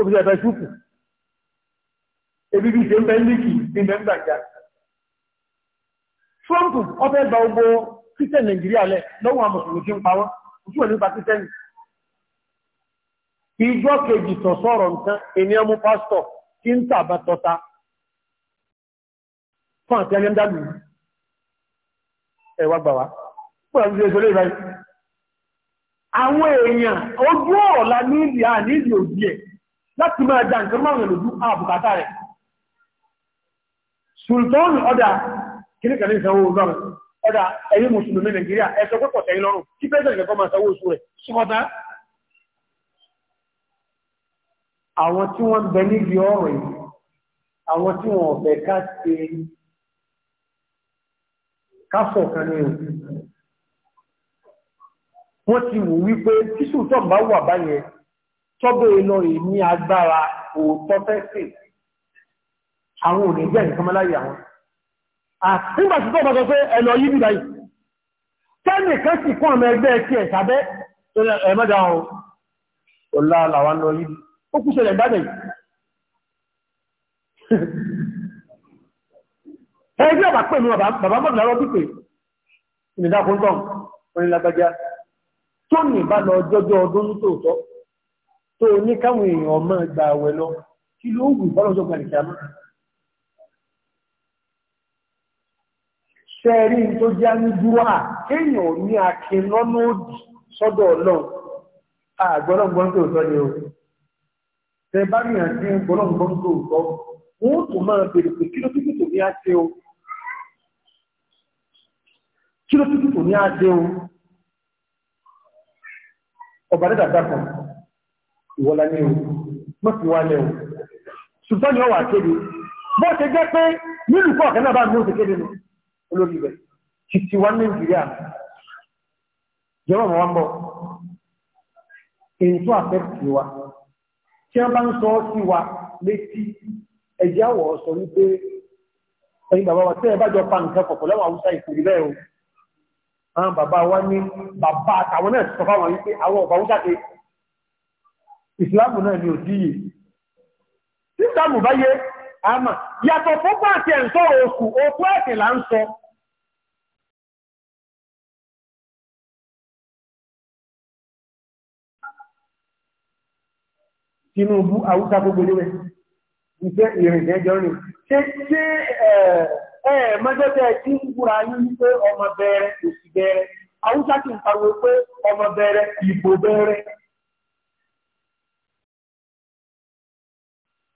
ó fi ẹ̀fẹ́ ṣúkù ebi bí ṣe ń bẹ́ líkì bí mẹ́ ń gbàjá Trump ọbẹ̀ gba ogbó Christian Nigeria lẹ lọ́wọ́ àmọ̀sùlù tí ń pa wọ́n ojú ẹ̀ nípa Christian ìjọ kejì tọ̀ sọ̀rọ̀ nǹkan ènìyàn mú pásítọ̀ tí ń tàbá tọ́ta fún àti ẹni dàgbù ẹwà gbà wá pọ̀ àti ìṣòro ìbáyìí àwọn èèyàn ojú ọ̀la ní ìdí à ní ìdí òbí ẹ̀ láti máa já nǹkan máa lòdú àbùkátà rẹ̀. Sultan ọdá kìríkà ní ìsanwó ọgbọ̀n ọdá ẹ̀yí Mùsùlùmí Nàìjíríà ẹ̀sọ pẹ́pọ̀ tẹ̀yí lọ́rùn kí pẹ́sẹ̀ ìrẹ̀kọ́ máa sanwó oṣù rẹ̀ ṣùgbọ́ta. Àwọn tí wọ́n bẹ níbi kan ní òkú. Wọ́n ti wò Sultan bá wà tọ́bọ̀ ìlọ ìní agbára òótọ́ fẹ́sì àwọn òní jẹ́ nǹkan mẹ́láyé àwọn àtúgbà tí tọ́bọ̀ sọ pé ẹlọ yìí bíbá yìí tẹ́nì kan sì kún ọmọ ẹgbẹ́ ti ẹ̀ sábẹ́ ẹ̀mọ́dá ọ̀rọ̀ ọ̀lá làwọn lọ yìí ó kú ṣẹlẹ̀ ìbádẹ̀ yìí ẹgbẹ́ ọ̀bà pẹ̀lú bàbá mọ̀lá rọ́ pípé ìnìdákùntàn onílágbájá tó ní ìbá lọ jọjọ ọdún tòótọ́ tó ní káwọn èèyàn ọmọ gba àwẹ̀ lọ kí ló wù fọ́lọ́sọ gbàlìkàmọ́ sẹ́ẹ̀rí tó já ní dúwà kéèyàn ní akin lọ́nà òdì sọ́dọ̀ ọlọ́run àgbọ́lọ́gbọ́n tó tọ́ ni o tẹ bá ní àti gbọ́lọ́gbọ́n tó tọ́ wọ́n tó máa bèèrè pé kí ló títí tò ní àti o kí ló títí tò ní àti o ọ̀bàdẹ́dàdà kan ìwọ́lá ní o mọ́sí wá lẹ́ o ṣùgbọ́n ni ó wà kéde bó ṣe jẹ́ pé nílùú pọ̀ kẹ́ náà bá mú kéde nù olórí ibẹ̀ kìtì wá ní nàìjíríà jẹ́wọ́ mọ́ wá ń bọ̀ èyí tó àfẹ́kì wa tí wọ́n bá ń sọ sí wa létí ẹ̀jẹ̀ àwọ̀ sọ wípé ẹ̀yin bàbá wa tẹ́ ẹ bá jọ pa nǹkan pọ̀pọ̀ lẹ́wọ̀n haúsá ìkòrí bẹ́ẹ̀ o àwọn bàbá wa ní bàbá àtàwọn náà sọ fáwọn wípé àwọn ọ̀bà haúsá ìsìláàmù náà ni ò díyè tí ìsìláàmù bá yé àmà yàtọ̀ fún pàtẹ ẹ̀ǹsọ́ òkú òkú ẹ̀sìn là ń sọ Tinubu awúta gbogbo lé iṣẹ́ ìrìnlẹ̀ jọ rìn ṣe ṣe ẹ̀ẹ̀mọ́jọ́tẹ̀ tí ń gúra ní wípé ọmọ bẹ̀rẹ̀ òsì bẹ̀rẹ̀ awúta ti ń pariwo pé ọmọ bẹ̀rẹ̀ ìbò bẹ̀rẹ̀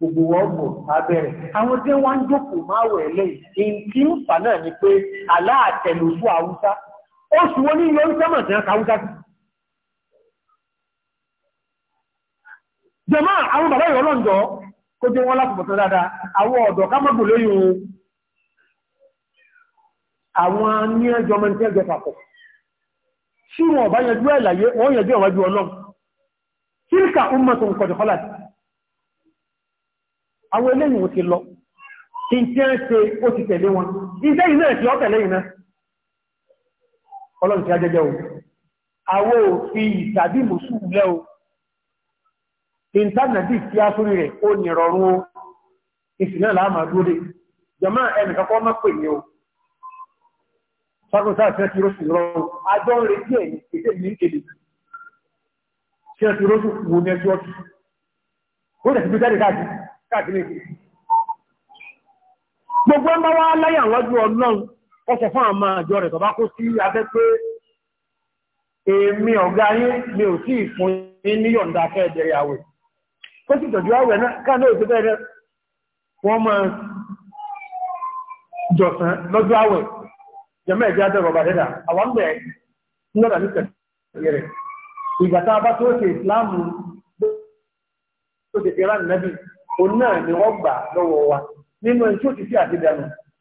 gbogbo ọgbọ̀n abẹ́rẹ̀. Àwọn tí wọ́n ń jókòó máa wẹ̀ lẹ́yìn, ìǹkí ń fà náà ni pé aláàtẹ̀lò fún Haúsá. Oṣù wo ní ilé oúnjẹ́mọ̀ tí wọ́n ka Haúsá sí? Jọmọ́ àwọn bàbá ìrọ̀lọ́ ń jọ kó jẹ́ wọ́n lásìkò tó dáadáa, àwọn ọ̀dọ́ ká mọ́gbò lóyún o. Àwọn ní ẹjọ́ mẹ́rin tí ẹgbẹ́ papọ̀. Ṣé wọn ọ̀bá yanjú ẹ̀ láyé, wọ́n yanjú ọ̀wájú ọlọ́run. Kíríkà ó mọ̀ tó ń kọ̀dùkọ́lá sí àwọn eléyìn ó ti lọ tí tí ń ṣe ó ti tẹ̀lé wọn iṣẹ́ ilé ẹ̀sì ọ́tẹ̀lé ìná ọlọ́run ti ajẹ́jẹ́ o àwọ́ fi ìtàbí mùsùlùmí lẹ́ o ìntánẹ̀tì tí a sórí rẹ̀ ó ní rọrùn o ìsìnà láàmà dúdé jọmọ́ ẹnìkọ́kọ́ mọ́ pè ní o sákòsáà tí wọ́n ti rọ́sùn rọrùn ajọ́ ń retí ẹ̀ ní ìṣẹ́ ìlú ìkéde tí wọ́n ti rọ́sùn wò ní ẹjọ́ ó dẹ̀ ti gbé jáde káàkiri gbogbo ẹmbá wá láyé àwọn ọjọ́ ọlọ́run ọ̀sẹ̀ fún àmà àjọ rẹ̀ tọ́bá kó sí abẹ́ pé èmi ọ̀gá yín mi ò tí ìfún yín ní yọ̀ǹda fẹ́ ẹ̀dẹ̀rẹ̀ àwẹ̀ kó sì tọ̀jú àwẹ̀ náà káàdé òṣè bẹ́ẹ̀ wọ́n máa jọ̀sán lọ́jọ́ àwẹ̀ jẹ́mọ́ ẹ̀jẹ̀ adẹ́rọ̀ bàdẹ́ dà àwọn bẹ̀ ńlọ́dà ní tẹ̀lé rẹ̀ ìgbà tá a bá tó ṣe ìsìláàmù tó ṣe òun náà ni wọ́n gbà lọ́wọ́ wa nínú ẹni ti fi àti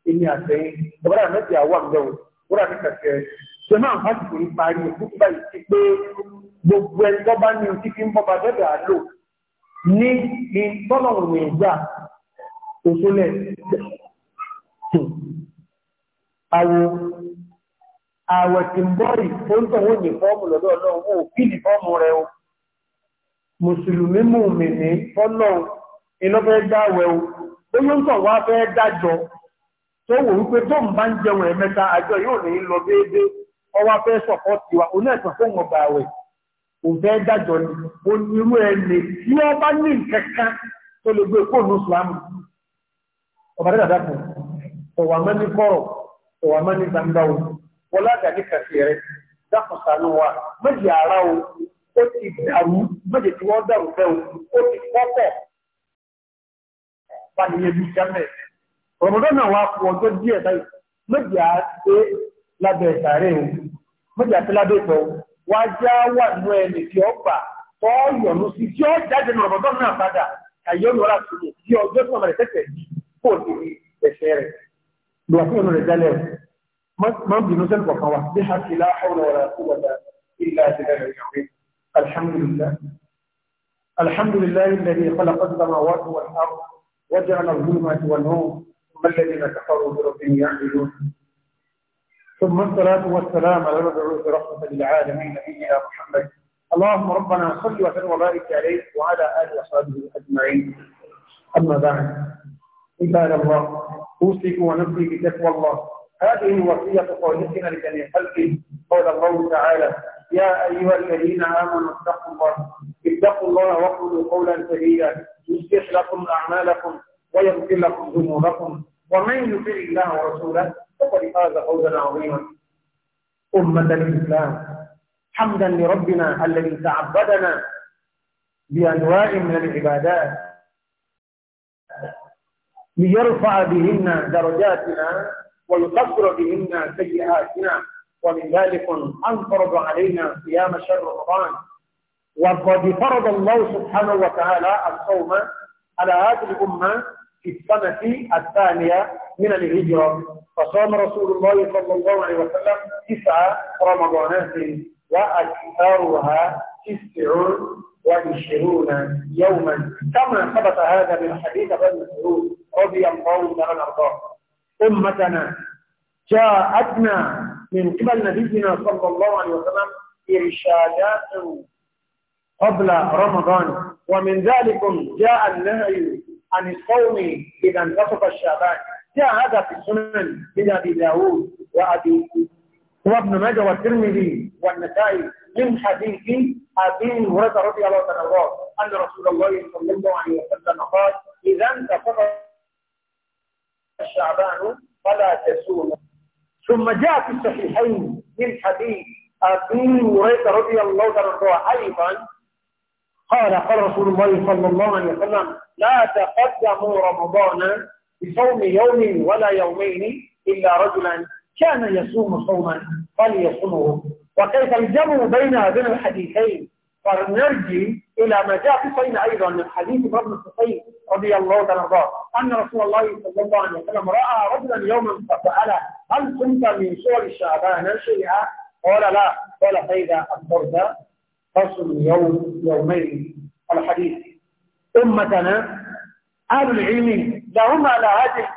èmi àtẹ̀yìn bàbá rẹ̀ mẹ́tì àwọn àgbẹ̀wò wúrà ní kẹ̀kẹ́ ṣe máa ń parí báyìí ti pé gbogbo ẹni tó bá ní ojú kí ń bọ́ba àlò ní ìgbà àwọ̀ ń bọ́ ń ní fọ́ọ̀mù iná fẹ́ dá wẹ̀ o ó yóò tàn wá fẹ́ dájọ tó wò wípé tó ń bá ń jẹun ẹ̀mẹ́ta àjọ yóò ní lọ déédé ọwá fẹ́ sọ̀kọ́ tiwa òun fún wọn wẹ̀ òun fẹ́ ni ó ní irú ẹni tí wọ́n bá ní tó lè gbé ọba dẹ́dà dàpọ̀ ọ̀wà mẹ́ni kọ́rọ̀ ọ̀wà mẹ́ni gbangba wọlé àgàdì bá ní yẹbi jẹ́mẹ̀. ọ̀rọ̀mọdé náà wá fún ọjọ́ díẹ̀ báyìí méjì á ṣe lábẹ́ ìsàárẹ̀ o méjì á ṣe lábẹ́ ìtọ́ wá já wà nú ẹni tí ó gbà tó yọ̀nù sí tí ó ما بينزل البقرة بحق لا حول ولا قوة إلا بالله العظيم الحمد لله الحمد لله الذي خلق السماوات والأرض وجعل الظلمات والنور ثم الذين كفروا بربهم يعدلون ثم الصلاة والسلام على المبعوث رحمة للعالمين نبينا محمد اللهم ربنا صل وسلم وبارك عليه وعلى آله وصحبه أجمعين أما بعد عباد الله أوصيكم ونفسي بتقوى الله هذه وصية قولتنا لبني خلقه قول الله تعالى يا أيها الذين آمنوا اتقوا الله اتقوا الله وقولوا قولا سديدا يصلح لكم أعمالكم ويغفر لكم ذنوبكم ومن يطع الله ورسوله فقد فاز فوزا عظيما أمة الإسلام حمدا لربنا الذي تعبدنا بأنواع من العبادات ليرفع بهن درجاتنا ويكفر بهن سيئاتنا ومن ذلك أن فرض علينا صيام شهر رمضان وقد فرض الله سبحانه وتعالى الصوم على هذه الأمة في السنة الثانية من الهجرة فصام رسول الله صلى الله عليه وسلم تسعة رمضانات وأكثرها تسع وعشرون يوما كما ثبت هذا من حديث ابن مسعود رضي الله تعالى عنه أمتنا جاءتنا من قبل نبينا صلى الله عليه وسلم إرشادات قبل رمضان ومن ذلك جاء النهي عن الصوم إذا انتصف الشعبان جاء هذا في السنن من أبي داود وأبي وابن ماجه والترمذي والنسائي من حديث أبي هريرة رضي الله عنه أن رسول الله صلى الله عليه وسلم قال إذا انتصف الشعبان فلا تسوم ثم جاء في الصحيحين من حديث أبي هريرة رضي الله عنه أيضا قال قال رسول الله صلى الله عليه وسلم لا تقدموا رمضان بصوم يوم ولا يومين إلا رجلا كان يصوم صوما فليصومه وكيف الجمع بين هذين الحديثين فنرجع إلى ما جاء في صين أيضا من حديث ابن الصحيح رضي الله عنه أن رسول الله صلى الله عليه وسلم رأى رجلا يوما فسأله هل كنت من صور شعبان شيئا قال لا قال فإذا أكبرت فصل يوم يومين الحديث أمتنا أهل العلم لهم على هذه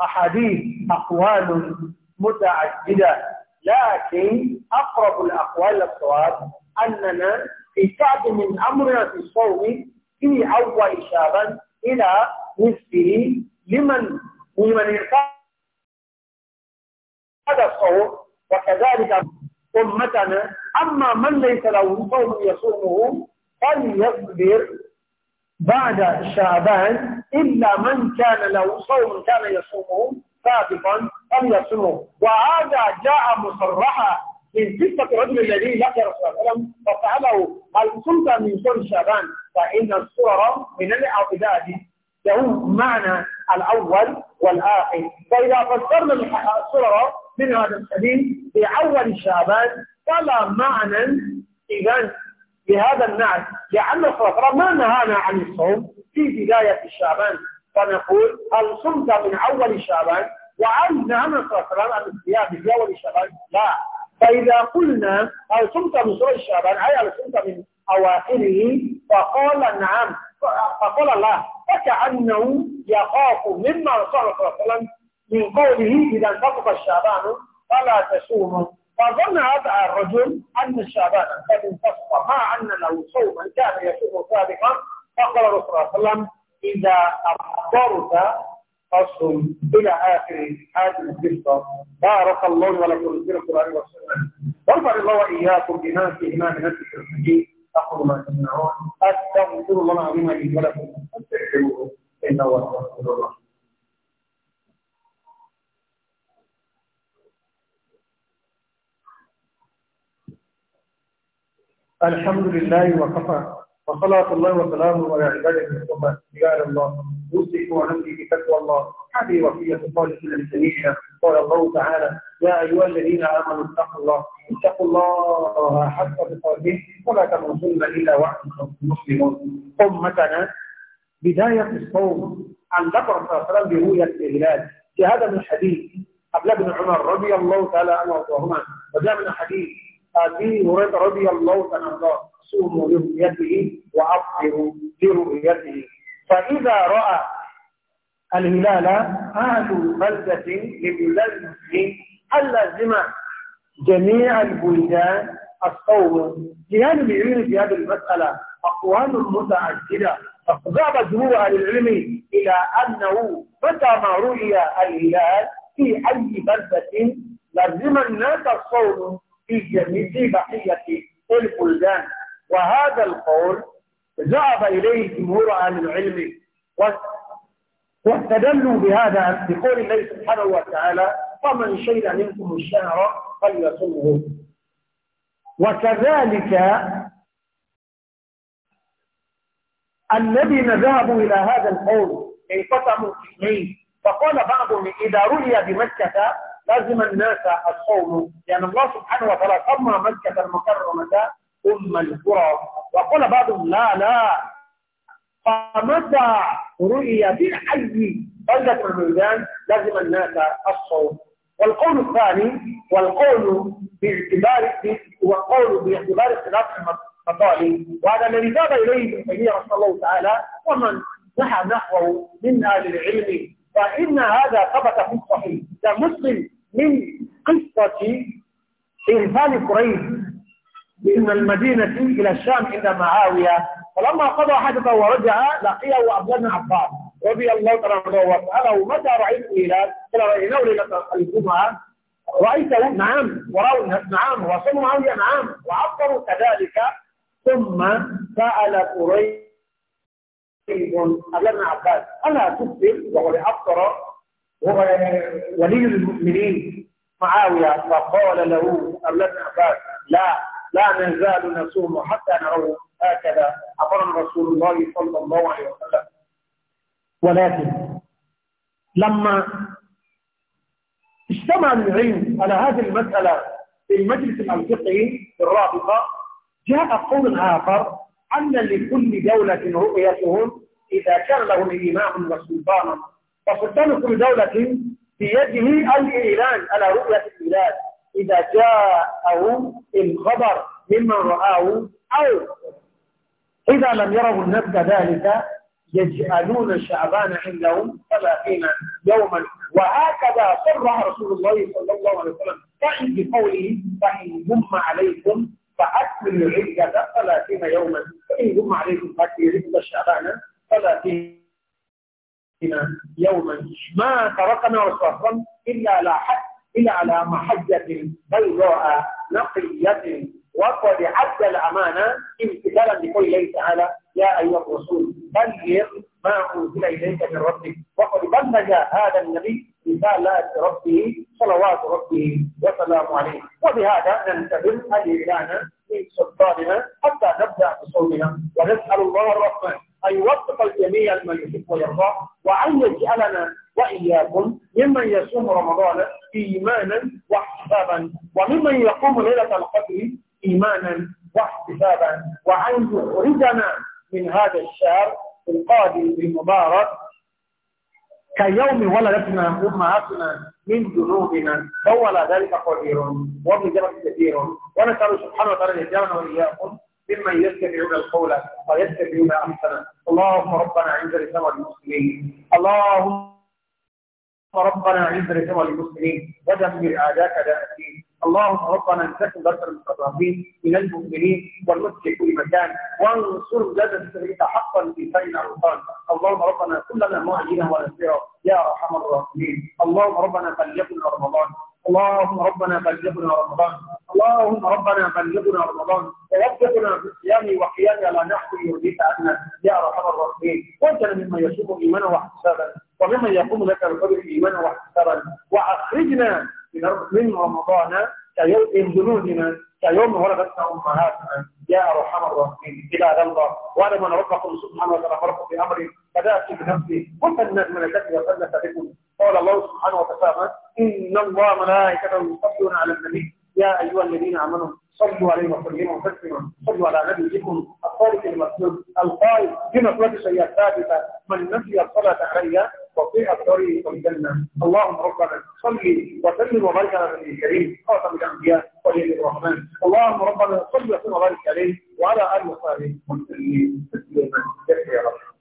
أحاديث أقوال متعددة لكن أقرب الأقوال للصواب أننا في كعب من أمرنا في الصوم في أول شابا إلى نصفه لمن لمن ارتاد هذا الصوم وكذلك أمتنا أما من ليس له صوم يصومه فليصبر بعد شعبان إلا من كان له صوم كان يصومه سابقا فليصومه وهذا جاء مصرحا من قصة الرجل الذي لقي رسول الله صلى الله عليه وسلم فسأله هل كنت من صوم شعبان فإن الصور من الاعتداد له معنى الأول والآخر فإذا فسرنا الصور من هذا السبيل في أول شعبان ولا معنى إذا بهذا النعم لأن الصلاة ما نهانا عن الصوم في بداية الشعبان فنقول هل صمت من أول شعبان وعن نهانا الصلاة عن الصيام في أول شعبان لا فإذا قلنا هل صمت من صلاة شعبان أي هل صمت من أواخره فقال نعم فقال لا فكأنه يخاف مما رسول الله صلى الله عليه وسلم من قوله إذا انتقض الشعبان فلا تصوموا فظن هذا الرجل أن الشعبان قد انتصف مع أن له صوما كان يصوم سابقا فقال رسول الله صلى الله عليه وسلم إذا أفطرت فصل إلى آخر هذه القصة بارك الله ولكم في القرآن والسنة وارفع الله وإياكم بما في إمام نفس الحديث أقول ما تمنعون أستغفر الله العظيم لي ولكم أستغفروه إنه هو الغفور الرحيم الحمد لله وكفى وصلاة الله وسلامه على عباده الصفا رجال الله يوصيك ونفسي بتقوى الله هذه وصية صالح للجميع قال الله تعالى يا أيها الذين آمنوا اتقوا الله اتقوا الله حق تقاته ولا تموتن إلا وأنتم مسلمون أمتنا بداية الصوم عن ذكر صلى الله عليه وسلم الهلال في هذا من حديث عبد بن عمر رضي الله تعالى عنه وارضاهما وجاء من حديث أبي هريرة رضي الله عنه صوموا لرؤيته وأفطروا لرؤيته فإذا رأى الهلال أهل بلدة لبلده المسلمين اللازمة جميع البلدان الصوم لأن العلم في هذه المسألة أقوال متعددة فذهب جمهور أهل العلم إلى أنه متى ما رؤي الهلال في أي بلدة لازم الناس الصوم في بقية البلدان وهذا القول ذهب إليه جمهور أهل العلم واستدلوا بهذا بقول الله سبحانه وتعالى فمن شيء منكم الشهر فليصمه وكذلك الذين ذهبوا إلى هذا القول انقسموا اثنين فقال بعضهم إذا رؤي بمكة لازم الناس الصوم يعني الله سبحانه وتعالى سمى مكة المكرمة أم القرى وقال بعضهم لا لا فمتى رؤي في الحي بلدة الميدان لازم الناس الصوم والقول الثاني والقول باعتبار والقول باعتبار اختلاف المطالب وهذا الذي ذهب اليه ابن تيميه رحمه الله تعالى ومن نحى نحوه من اهل العلم فان هذا ثبت في الصحيح كمسلم من قصة إنفال قريش من المدينة إلى الشام عند معاوية فلما قضى حدثه ورجع لقيه وأبلاد بن عباس رضي الله تعالى عنه وسأله متى رأيت الهلال قال رأيناه ليلة الجمعة رأيته نعم ورأوا الناس نعم وصلوا معاوية نعم وعبروا كذلك ثم سأل قريش أبو بن عباس ألا تفطر وهو لأبصر يعني ولي المؤمنين معاوية فقال له ابن عباس لا لا نزال نصوم حتى نروا هكذا أمرنا رسول الله صلى الله عليه وسلم ولكن لما اجتمع العلم على هذه المسألة في المجلس الفقهي الرابطة جاء قول آخر أن لكل دولة رؤيتهم إذا كان لهم إمام وسلطان فسلطان كل دولة في يده الإعلان على رؤية البلاد إذا جاءه الخبر ممن رآه أو إذا لم يروا الناس ذلك يجعلون شعبان عندهم ثلاثين يوما وهكذا صرح رسول الله صلى الله عليه وسلم فإن بقوله فإن يم عليكم فأكمل العدة ثلاثين يوما فإن يم عليكم فأكمل العدة شعبان ثلاثين يوما ما تركنا رسول إلا على حد إلا على محجة بيضاء نقية وقد عد الأمانة امتثالا لقول الله تعالى يا أيها الرسول بلغ ما أنزل إليك من ربك وقد بلغ هذا النبي رسالة ربه صلوات ربه وسلام عليه وبهذا ننتظر الإعلان من سلطاننا حتى نبدأ بصومنا ونسأل الله الرحمن أن يوفق الجميع لما يحب ويرضى وأن يجعلنا وإياكم ممن يصوم رمضان إيمانا واحتسابا وممن يقوم ليلة القدر إيمانا واحتسابا وأن يخرجنا من هذا الشهر القادم المبارك كيوم ولدتنا أمهاتنا من ذنوبنا فولا ذلك قدير وبجرد كثير ونسأل سبحانه وتعالى أن يجعلنا وإياكم ممن يتبعون القول ويتبعون احسنه اللهم ربنا اعز الاسلام والمسلمين اللهم ربنا اعز الاسلام والمسلمين ودمر اعداءك اعداء الدين اللهم ربنا انتقم بشر المستضعفين من المؤمنين والمسلمين في كل مكان وانصر بلاد المسلمين حقا في بين الاوطان اللهم ربنا كلنا معينا ونسيرا يا ارحم الراحمين اللهم ربنا فليكن رمضان اللهم ربنا بلغنا رمضان اللهم ربنا بلغنا رمضان ووفقنا في الصيام وقيام على نحو يرضيك عنا يا ارحم الراحمين واجعلنا ممن يصوم ايمانا واحتسابا وممن يقوم لك بالقدر ايمانا واحتسابا واخرجنا من رمضان ينزلون جنودنا كيوم ولدتنا امهاتنا يا ارحم الراحمين إلى الله وأنا من ربكم سبحانه وتعالى في أمري بدات بنفسي من الذي وفنت بكم قال الله سبحانه وتعالى ان الله ملائكته يصلون على النبي يا ايها الذين امنوا صلوا عليه وسلموا تسليما صلوا على نبيكم الصادق المسلوب القائل بمثلة شيئا ثابته من نسي الصلاه علي وقطيع الطريق الجنة اللهم ربنا صلي وسلم وبارك على النبي الكريم خاتم الأنبياء ولي الرحمن اللهم ربنا صلي وسلم وبارك عليه وعلى آله وصحبه وسلم تسليما كثيرا